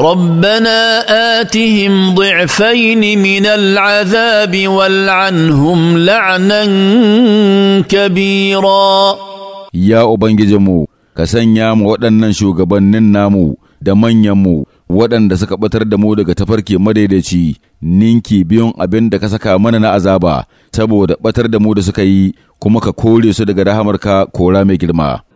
ربنا آتهم ضعفين من العذاب والعنهم لعنا كبيرا يا sanya كسنيام waɗannan shugabannin namu da manyanmu waɗanda suka ɓatar da mu daga tafarki madaidaici ninki biyun abin da ka saka mana na azaba saboda ɓatar da mu da suka yi kuma ka kore su daga rahamarka kora mai girma